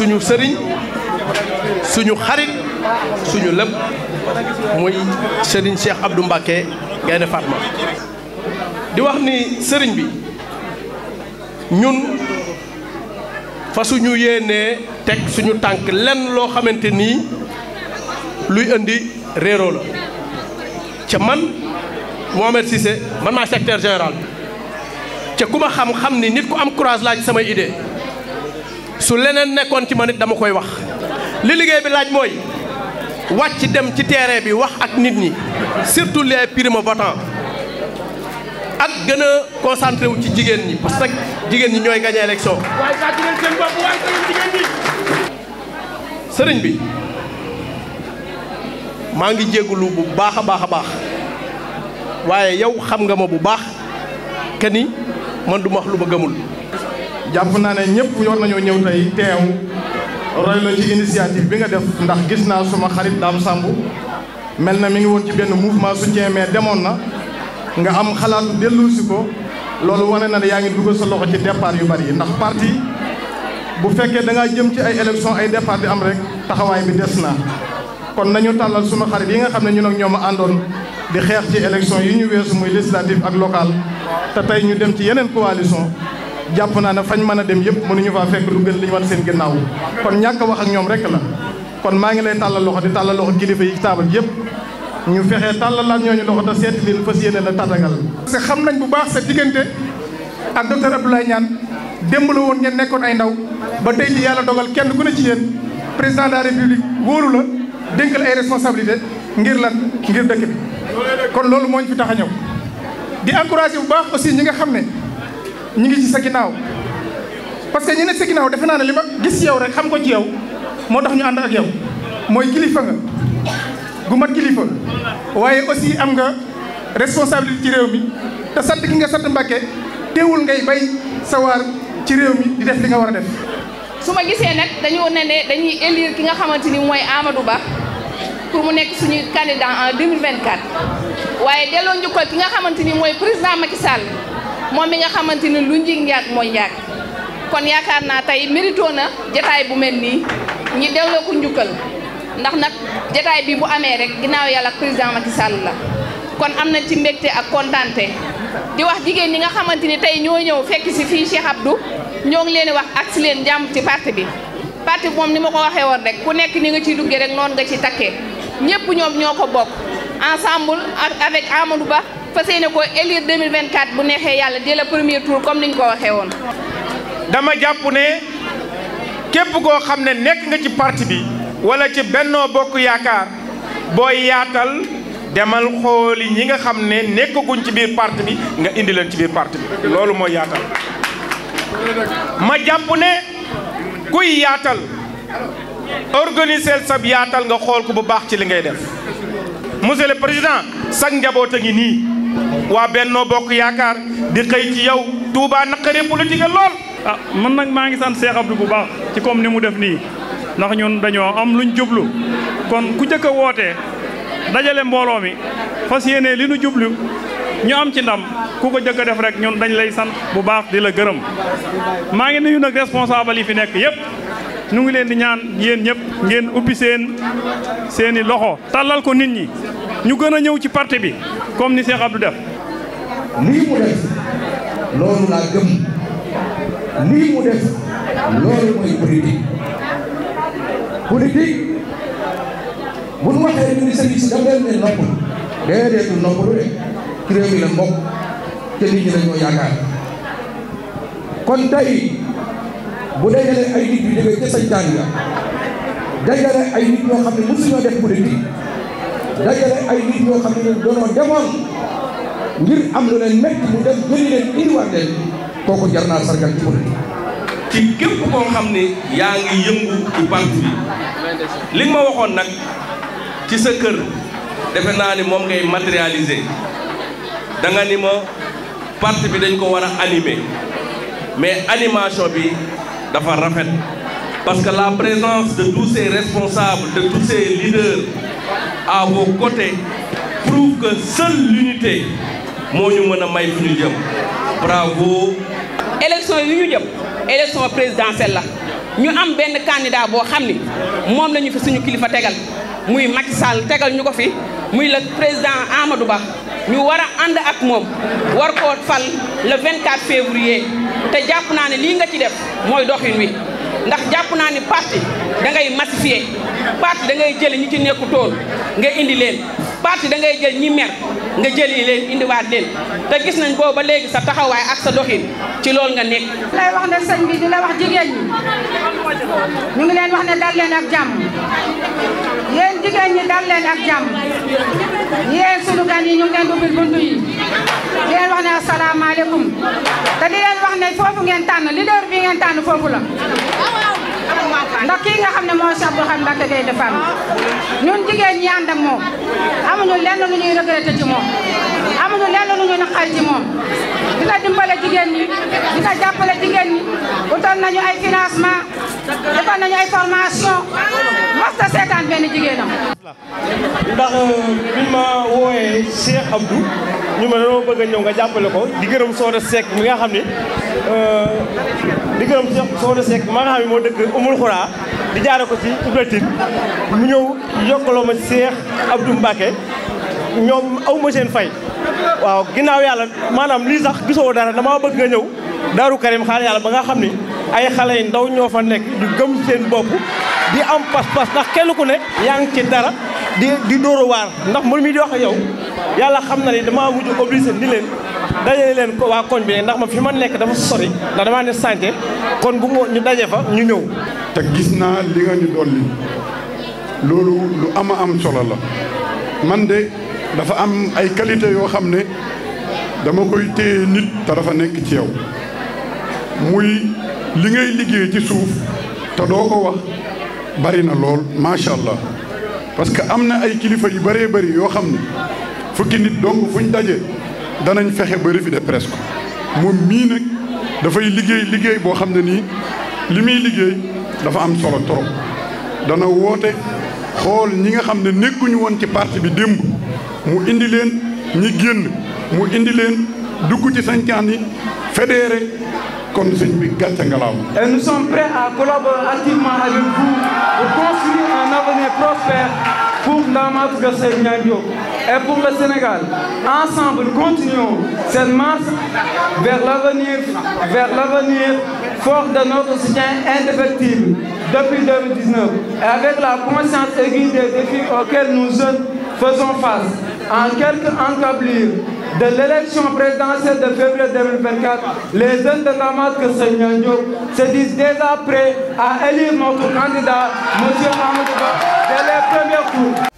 suñu sëriñ suñu xarit suñu lépp muy sëriñ ab du Mbacké Gaïndé Fatma di wax ni sëriñ bi ñun fa suñu yéenee teg suñu tànk lenn loo xamante nii luy indi réeroo la ca man Mohamed Cissé man maa secrétaire général ca ku ma xam-xam ni nit ku am courage laaj samay idée su leneen nekkoon ci ma nit dama koy wax li liggéey bi laaj mooy wàcc dem ci terrain bi wax ak nit ñi surtout les primo-votants ak gën a concentré wu ci jigéen ñi parce que jigéen ñi ñooy gagné élection. waaye saa jigéen seen bopp waaye jigéen ñi. sëriñ bi maa ngi jégalu bu baax a baax a baax waaye yow xam nga ma bu baax que ni man du ma wax lu ba gëmul. jàpp naa ne ñëpp yoon nañoo ñëw tey teew roy ci initiative bi nga def ndax gis naa suma xarit daam sàmb mel na mi ngi woon ci benn mouvement soutien mais demoon na nga am xalaatu dellu si ko loolu wane na ne yaa ngi dugal sa loxo ci départ yu bari yi ndax parti bu fekkee da ngaa jëm ci ay élection ay départ di am rek taxawaay bi des naa kon nañu tàllal suma xarit yi nga xam ne ñu ak ñoom a àndoon di xeex ci élection yi ñu weesu muy législative ak local te tey ñu dem ci yeneen coalition jàpp naa ne fañ mën a dem yëpp mënuñu faa fekk lu gën li ñu seen ginnaaw kon ñàkk wax ak ñoom rek la kon maa ngi lay tàllal loxo di tàllal loxo kilifa yi taabal yëpp ñu fexe tàllal laaj ñooñu loxo te seeti leen na yéene la tàttagal parce que xam nañ bu baax sa diggante ak docteur Abdoulaye ñaan démb la woon ngeen nekkoon ay ndaw ba tey ji yàlla dogal kenn ku ne ci yéen président de la république wóoru la dénkal ay responsabilité ngir lan ngir dëkk bi kon loolu moo fi tax a ñëw di encouragé bu baax aussi ñi nga xam ne ñu ngi si sa ginnaaw parce que ñi ne sa ginnaaw defe naa ne li ma gis yow rek xam ko ci yow moo tax ñu ànd ak yow mooy kilifa nga gu mat kilifa waaye aussi am nga responsabilité ci réew mi te sant ki nga sant Mbàkke teewul ngay bay sawaar ci réew mi di def li nga war a def. su ma gisee nag dañoo ne dañuy élire ki nga xamante ni mooy amadu Ba pour mu nekk si ñu suñuy candidat en 2024 waaye delloo njukkal ki nga xamante ni mooy président Macky Sall. moom mi nga xamante ni lu njig njaag mooy njaag kon yaakaar naa tey mérito na jataay bu mel nii ñi delloo ko njukkal ndax nag jataay bi bu amee rek ginnaaw yàlla président Macky Sall la kon am na ci mbégte ak kontaante di wax jigéen ñi nga xamante ni tey ñoo ñëw fekk si fii Cheikh du ñoo ngi leen wax ak si leen jàmm ci parti bi parti moom ni ma ko waxee woon rek ku nekk ni nga ciy duggee rek noon nga ci takkee ñëpp ñoom ñoo ko bokk ensemble avec Amadou Ba fas yéene ko élire 2024 bu neexee yàlla dès le premier tour comme ni ñu ko waxee woon. dama jàpp ne képp koo xam ne nekk nga ci parti bi wala ci Benno Bokk Yaakaar booy yaatal demal xooli ñi nga xam ne nekkaguñ ci biir parti bi nga indi leen ci biir parti bi loolu mooy yaatal ma jàppu ne kuy yaatal organiser sab yaatal nga xool ko bu baax ci li ngay def monsieur président sag njaboot a ngi nii waa Bennoo Bokk Yaakaar di xëy ci yow Touba naqaree politique lool. ah man nag maa ngi sant Cheikh bu baax ci comme ni mu def nii ndax ñun dañoo am luñ jublu kon ku jëkk a wootee dajale mbooloo mi fas yéene li nu jublu. ñu am ci ndam ku ko jëkk a def rek ñun dañ lay sant bu baax di la gërëm maa ngi nuyu nag responsable yi fi nekk yëpp ñu ngi leen di ñaan yéen ñëpp ngeen ubbi seen seeni loxo tàllal ko nit ñi ñu gën a ñëw ci parti bi comme ni Cheikh Abdou def nii mu def loolu laa gëm nii mu def loolu mooy politique politique bu nu waxee ñu ni sëriñ si daf leen ne noppalu déedéet du noppalu de ci réew mi la mbokk te nit ñi dañoo yaakaar kon tey bu dajale ay nit yu jógee ca saytaan ya dajale ay nit ñoo xam ne mësuñoo def politique dajale ay nit ñoo xam ne doonoo demoon ngir am lu leen métti mu dem jëli leen kooku jar naa sargal ci politique koo xam ne yaa ngi yëngu ci banque bi li ma waxoon nag ci sa kër defe naa ni moom ngay matérialiser da nga ni ma parti bi dañ ko war a animer mais animation bi dafa rafet parce que la présence de tous ces de tous ces leaders à vos côtés prouve que seule moo ñu mën a may fu ñu jëm bravo. élection yi ñu jëm élection présidentielle la ñu am benn candidat boo xam ni moom la ñu fi suñu kilifa tegal muy Macky Sall tegal ñu ko fi muy la président Amadou Ba ñu war a ànd ak moom war koo fal le 24 février te jàpp naa ne lii nga ci def mooy doxin wi ndax jàpp naa ni parti da ngay massifier parti da ngay jëli ñu ci nekkutoon nga indi leen. parti da ngay jël ñi mer nga jëli leen indiwaat leen te gis nañ boobu ba léegi sa taxawaay ak sa doxin ci loolu nga nekk. lay wax ne sëñ bi di la wax jigéen ñi ñu ngi leen wax ne dal leen ak jàmm yéen jigéen ñi dal leen ak jàmm yéen sunu gan yi ñu ngi leen ubbil buntu yi di leen wax ne asalaamaaleykum te di leen wax ne foofu ngeen tànn leader bi ngeen tànn foofu la. ndax kii nga xam ne mooy Cheikh Abdou Khadre Mbacké Gaïndé Fatma ñun jigéen ñi ànd ak moom amuñu lenn lu ñuy regretté ci moom amuñu lenn lu ñuy naqar ci moom dina dimbale jigéen ñi dina jàppale jigéen ñi utal nañu ay financement defal nañu ay formation mos benn jigéenam. ndax euh, bi ma wooyee Cheikh Abdou ñu ma dañoo bëgg a ñëw nga jàppale ko di soo de Seck mi nga xam ne euh, di gërëm Soda Seck ma nga xam ne moo dëkk Umul Xura di jaare ko ci Ibrahima mu ñëw yokkaloo ma Cheikh Abdou Mbacké ñoom aw ma seen fay waaw ginnaaw yàlla maanaam lii sax gisoo dara damaa bëgg nga ñëw Daaru Karim xaar yàlla ba nga xam ni. ay xale yu ndaw ñoo fa nekk du gëm seen bopp di am pas-pas ndax kenn ku ne yaa ngi ci dara di di dóor ndax mën mi di wax yow yàlla xam na ni damaa mujj obligé ni leen daje leen ko waa koñ bi ne ndax ma fi ma nekk dafa sori ndax damaa ne santé kon bu ma ñu daje fa ñu ñëw te gis naa li nga ñu doon dolli loolu lu ama am solo la man de dafa am ay qualité yoo xam ne dama koy téye nit te dafa nekk ci yow muy li ngay liggéey ci suuf te doo ko wax bari na lool macha allah parce que am na ay kilifa yu bëree bëri yoo xam ni fukki nit dong fuñ daje danañ fexe ba revue de presse ko moom mii nag dafay liggéey liggéey boo xam ne nii li muy liggéey dafa am solo trop dana woote xool ñi nga xam ne nekkuñu woon ci parti bi démb mu indi leen ñi génn mu indi leen dugg ci sañcaan yi fédéré et nous sommes prêts à collaborer activement avec vous pour construire un avenir prospère pour la Gassé de et pour le Sénégal. Ensemble, continuons cette marche vers l'avenir, vers l'avenir fort de notre soutien indéfectible depuis 2019 et avec la conscience aiguë des défis auxquels nous faisons face. En quelques encablures, de l'élection présidentielle de février 2024, les jeunes de Damas que Seigneur se disent déjà prêts à élire notre candidat, M. Amadouba, dès le premier coup.